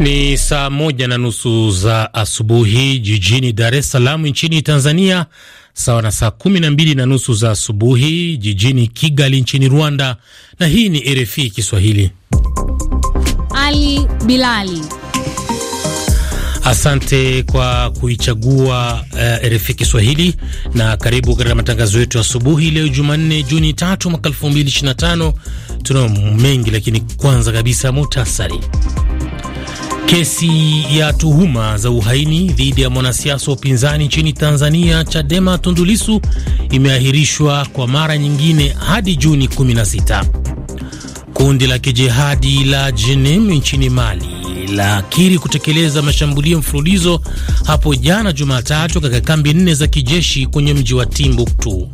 Ni saa moja na nusu za asubuhi jijini Dar es Salaam nchini Tanzania, sawa na saa kumi na mbili na nusu za asubuhi jijini Kigali nchini Rwanda. Na hii ni RFI Kiswahili. Ali Bilali, asante kwa kuichagua uh, eh, RFI Kiswahili na karibu katika matangazo yetu asubuhi leo Jumanne, Juni tatu mwaka tano. Tunao mengi, lakini kwanza kabisa muhtasari Kesi ya tuhuma za uhaini dhidi ya mwanasiasa wa upinzani nchini Tanzania Chadema Tundulisu imeahirishwa kwa mara nyingine hadi Juni 16. Kundi la kijihadi la Jenim nchini Mali la kiri kutekeleza mashambulio mfululizo hapo jana Jumatatu katika kambi nne za kijeshi kwenye mji wa Timbuktu.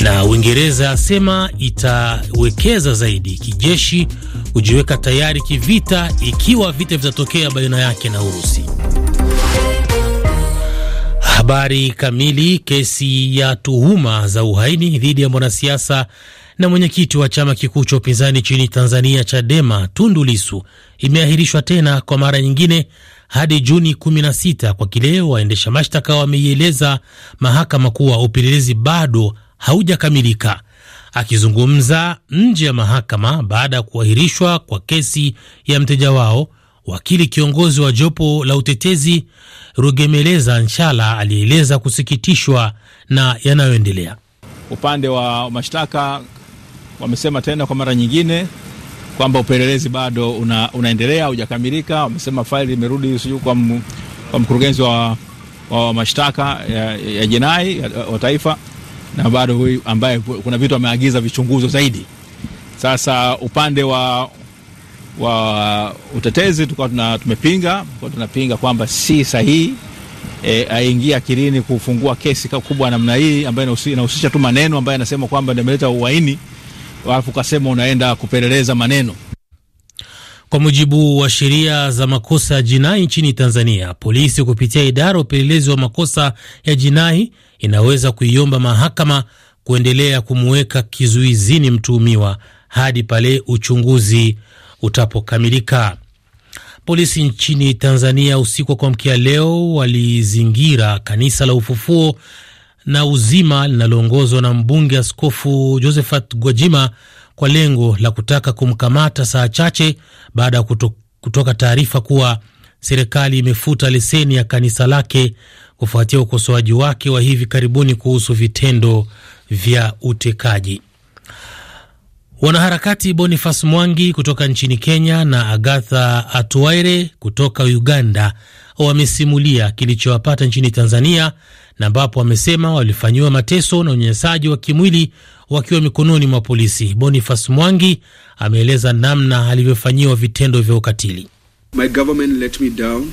Na Uingereza asema itawekeza zaidi kijeshi kujiweka tayari kivita ikiwa vita vitatokea baina yake na Urusi. Habari kamili. Kesi ya tuhuma za uhaini dhidi ya mwanasiasa na mwenyekiti wa chama kikuu cha upinzani nchini Tanzania, Chadema, Tundu Lisu, imeahirishwa tena kwa mara nyingine hadi Juni 16 kwa kile waendesha mashtaka wameieleza mahakama kuwa upelelezi bado haujakamilika. Akizungumza nje ya mahakama baada ya kuahirishwa kwa kesi ya mteja wao, Wakili kiongozi wa jopo la utetezi Rugemeleza Nshala alieleza kusikitishwa na yanayoendelea. Upande wa mashtaka wamesema tena kwa mara nyingine kwamba upelelezi bado una, unaendelea hujakamilika Wamesema faili imerudi sijui kwa, kwa mkurugenzi wa, wa mashtaka ya, ya jinai wa taifa na bado huyu ambaye kuna vitu ameagiza vichunguzo zaidi. Sasa upande wa wa utetezi tukawa tumepinga, tulikuwa tunapinga kwamba si sahihi e, aingia akilini kufungua kesi kubwa namna hii ambayo inahusisha tu maneno ambayo anasema kwamba ndio ameleta uhaini, alafu ukasema unaenda kupeleleza maneno. Kwa mujibu wa sheria za makosa ya jinai nchini Tanzania, polisi kupitia idara ya upelelezi wa makosa ya jinai inaweza kuiomba mahakama kuendelea kumuweka kizuizini mtuhumiwa hadi pale uchunguzi utapokamilika. Polisi nchini Tanzania usiku wa kuamkia leo walizingira kanisa la Ufufuo na Uzima linaloongozwa na mbunge Askofu Josephat Gwajima kwa lengo la kutaka kumkamata saa chache baada ya kuto, kutoka taarifa kuwa serikali imefuta leseni ya kanisa lake kufuatia ukosoaji wake wa hivi karibuni kuhusu vitendo vya utekaji. Wanaharakati Boniface Mwangi kutoka nchini Kenya na Agatha Atuaire kutoka Uganda wamesimulia kilichowapata nchini Tanzania na ambapo wamesema walifanyiwa mateso na unyanyasaji wa kimwili wakiwa mikononi mwa polisi. Boniface Mwangi ameeleza namna alivyofanyiwa vitendo vya ukatili. My government let me down.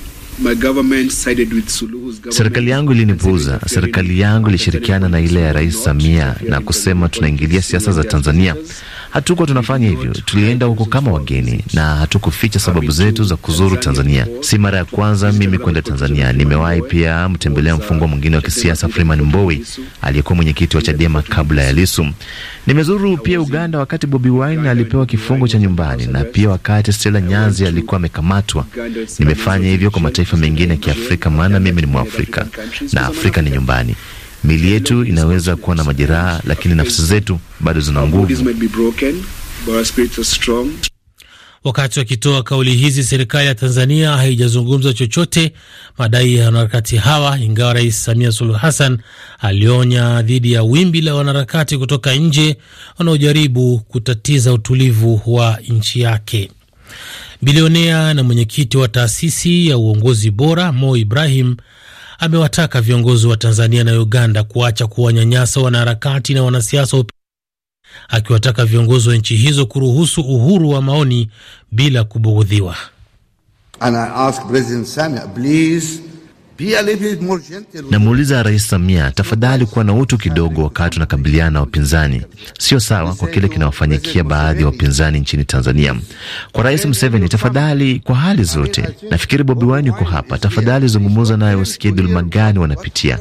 Serikali yangu ilinipuuza. Serikali yangu ilishirikiana na ile ya Rais Samia na kusema tunaingilia siasa za Tanzania. Hatuko tunafanya hivyo, tulienda huko kama wageni na hatukuficha sababu zetu za kuzuru Tanzania. Si mara ya kwanza mimi kwenda Tanzania, nimewahi pia mtembelea uh, mfungwa mwingine wa kisiasa Freeman Mbowe aliyekuwa mwenyekiti wa Chadema kabla ya Lisu. Nimezuru pia Uganda wakati Bobi Wine alipewa kifungo cha nyumbani na pia wakati Stella Nyanzi alikuwa amekamatwa. Nimefanya hivyo kwa mataifa mengine ya Kiafrika, maana mimi ni Mwafrika na Afrika ni nyumbani. Mili yetu inaweza kuwa na majeraha, lakini nafsi zetu bado zina nguvu. Wakati wakitoa kauli hizi, serikali ya Tanzania haijazungumza chochote madai ya wanaharakati hawa, ingawa Rais Samia Suluhu Hassan alionya dhidi ya wimbi la wanaharakati kutoka nje wanaojaribu kutatiza utulivu wa nchi yake. Bilionea na mwenyekiti wa taasisi ya uongozi bora Mo Ibrahim amewataka viongozi wa Tanzania na Uganda kuacha kuwanyanyasa wanaharakati na wanasiasa, akiwataka viongozi wa nchi hizo kuruhusu uhuru wa maoni bila kubughudhiwa. Namuuliza Rais Samia, tafadhali kuwa na utu kidogo wakati tunakabiliana na wapinzani. Sio sawa kwa kile kinawafanyikia baadhi ya wapinzani nchini Tanzania. Kwa Rais Museveni, tafadhali, kwa hali zote. Nafikiri Bobi Wine yuko hapa, tafadhali zungumuza naye, usikie dhuluma gani wanapitia.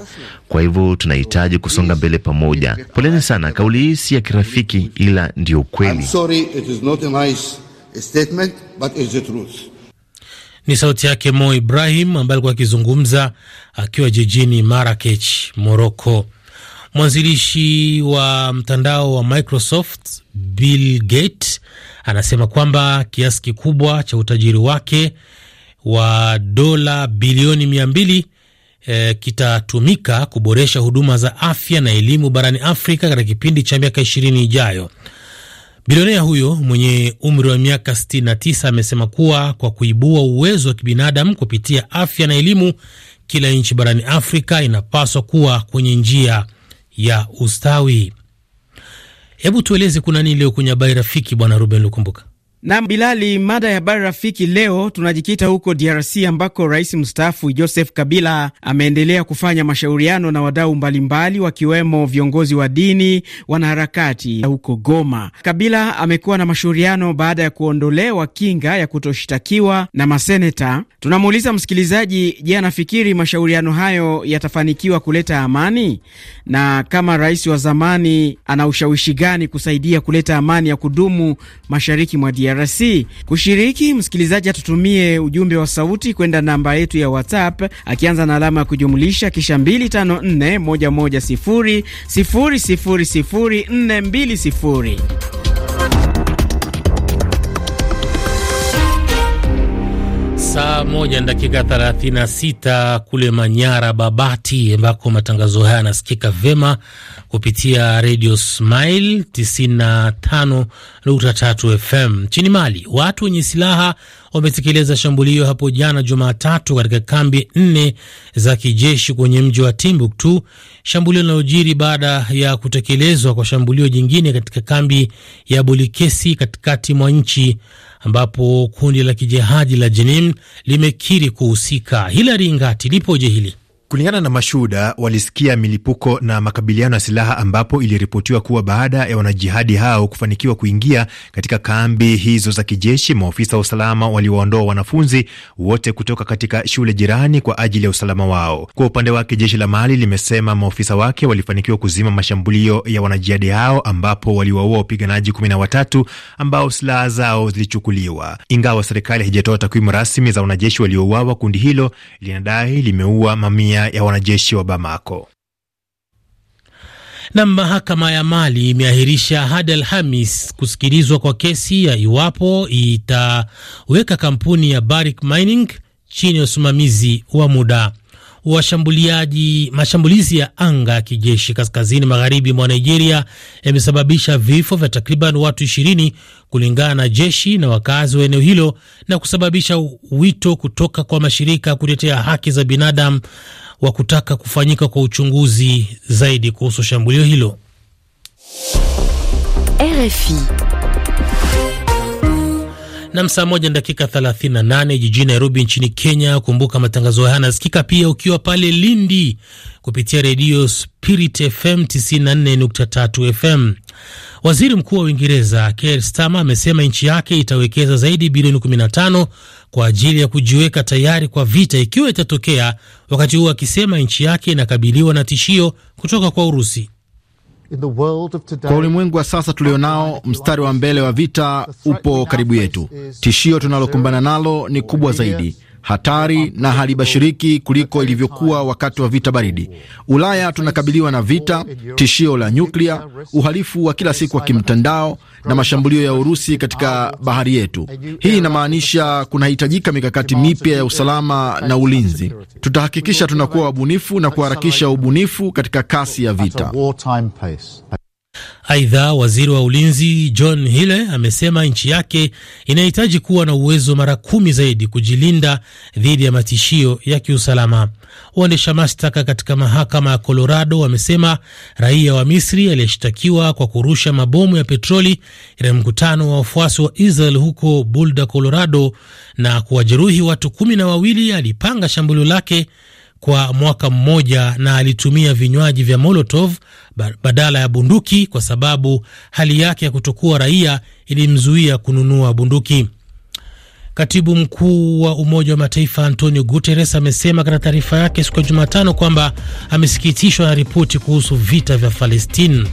Kwa hivyo tunahitaji kusonga mbele pamoja. Poleni sana, kauli hii si ya kirafiki, ila ndio ukweli. Ni sauti yake Mo Ibrahim ambaye alikuwa akizungumza akiwa jijini Marakech, Moroko. Mwanzilishi wa mtandao wa Microsoft Bill Gates anasema kwamba kiasi kikubwa cha utajiri wake wa dola bilioni mia mbili E, kitatumika kuboresha huduma za afya na elimu barani Afrika katika kipindi cha miaka ishirini ijayo. Bilionea huyo mwenye umri wa miaka 69 amesema kuwa kwa kuibua uwezo wa kibinadamu kupitia afya na elimu, kila nchi barani Afrika inapaswa kuwa kwenye njia ya ustawi. Hebu tueleze kuna nini leo kwenye habari rafiki, Bwana Ruben Lukumbuka? Na Bilali, mada ya habari rafiki leo tunajikita huko DRC ambako rais mstaafu Joseph Kabila ameendelea kufanya mashauriano na wadau mbalimbali wakiwemo viongozi wa dini, wanaharakati huko Goma. Kabila amekuwa na mashauriano baada ya kuondolewa kinga ya kutoshtakiwa na maseneta. Tunamuuliza msikilizaji, je, anafikiri mashauriano hayo yatafanikiwa kuleta amani, na kama rais wa zamani ana ushawishi gani kusaidia kuleta amani ya kudumu mashariki mwa DRC? DRC. Kushiriki, msikilizaji atutumie ujumbe wa sauti kwenda namba yetu ya WhatsApp akianza na alama ya kujumlisha kisha 254110000420. Saa moja na dakika 36 kule Manyara, Babati, ambako matangazo haya yanasikika vema kupitia Radio Smile 95.3 FM. Nchini Mali, watu wenye silaha wametekeleza shambulio hapo jana Jumatatu katika kambi nne za kijeshi kwenye mji wa Timbuktu, shambulio linalojiri baada ya kutekelezwa kwa shambulio jingine katika kambi ya Bolikesi katikati mwa nchi ambapo kundi la kijihadi la jenim limekiri kuhusika. Hilari Ngati, lipoje hili? Kulingana na mashuhuda, walisikia milipuko na makabiliano ya silaha ambapo iliripotiwa kuwa baada ya wanajihadi hao kufanikiwa kuingia katika kambi hizo za kijeshi, maofisa wa usalama waliwaondoa wanafunzi wote kutoka katika shule jirani kwa ajili ya usalama wao. Kwa upande wake, jeshi la Mali limesema maofisa wake walifanikiwa kuzima mashambulio ya wanajihadi hao ambapo waliwaua wapiganaji kumi na watatu ambao silaha zao zilichukuliwa. Ingawa serikali haijatoa takwimu rasmi za wanajeshi waliouawa, kundi hilo linadai limeua mamia mamia ya wanajeshi wa Bamako. Na mahakama ya Mali imeahirisha hadi Alhamis kusikilizwa kwa kesi ya iwapo itaweka kampuni ya Barrick Mining chini ya usimamizi wa muda. Washambuliaji mashambulizi ya anga ya kijeshi kaskazini magharibi mwa Nigeria yamesababisha vifo vya takriban watu 20 kulingana na jeshi na wakazi wa eneo hilo na kusababisha wito kutoka kwa mashirika ya kutetea haki za binadamu wa kutaka kufanyika kwa uchunguzi zaidi kuhusu shambulio hilo. RFI na saa moja na dakika 38 jijini Nairobi nchini Kenya. Kumbuka matangazo haya anasikika pia ukiwa pale Lindi kupitia redio Spirit FM 94.3 FM. Waziri Mkuu wa Uingereza Keir Starmer amesema nchi yake itawekeza zaidi bilioni 15 kwa ajili ya kujiweka tayari kwa vita ikiwa itatokea, wakati huo akisema nchi yake inakabiliwa na tishio kutoka kwa Urusi. Kwa ulimwengu wa sasa tulionao, mstari wa mbele wa vita upo karibu yetu. Tishio tunalokumbana nalo ni kubwa zaidi hatari na halibashiriki kuliko ilivyokuwa wakati wa vita baridi. Ulaya tunakabiliwa na vita, tishio la nyuklia, uhalifu wa kila siku wa kimtandao na mashambulio ya Urusi katika bahari yetu. Hii inamaanisha kunahitajika mikakati mipya ya usalama na ulinzi. Tutahakikisha tunakuwa wabunifu na kuharakisha ubunifu katika kasi ya vita. Aidha, waziri wa ulinzi John Hille amesema nchi yake inahitaji kuwa na uwezo mara kumi zaidi kujilinda dhidi ya matishio ya kiusalama. Waendesha mashtaka katika mahakama ya Colorado wamesema raia wa Misri aliyeshtakiwa kwa kurusha mabomu ya petroli katika mkutano wa wafuasi wa Israel huko Boulder, Colorado, na kuwajeruhi watu kumi na wawili alipanga shambulio lake kwa mwaka mmoja na alitumia vinywaji vya Molotov badala ya bunduki kwa sababu hali yake ya kutokuwa raia ilimzuia kununua bunduki. Katibu mkuu wa Umoja wa Mataifa Antonio Guterres amesema katika taarifa yake siku ya Jumatano kwamba amesikitishwa na ripoti kuhusu vita vya Palestine.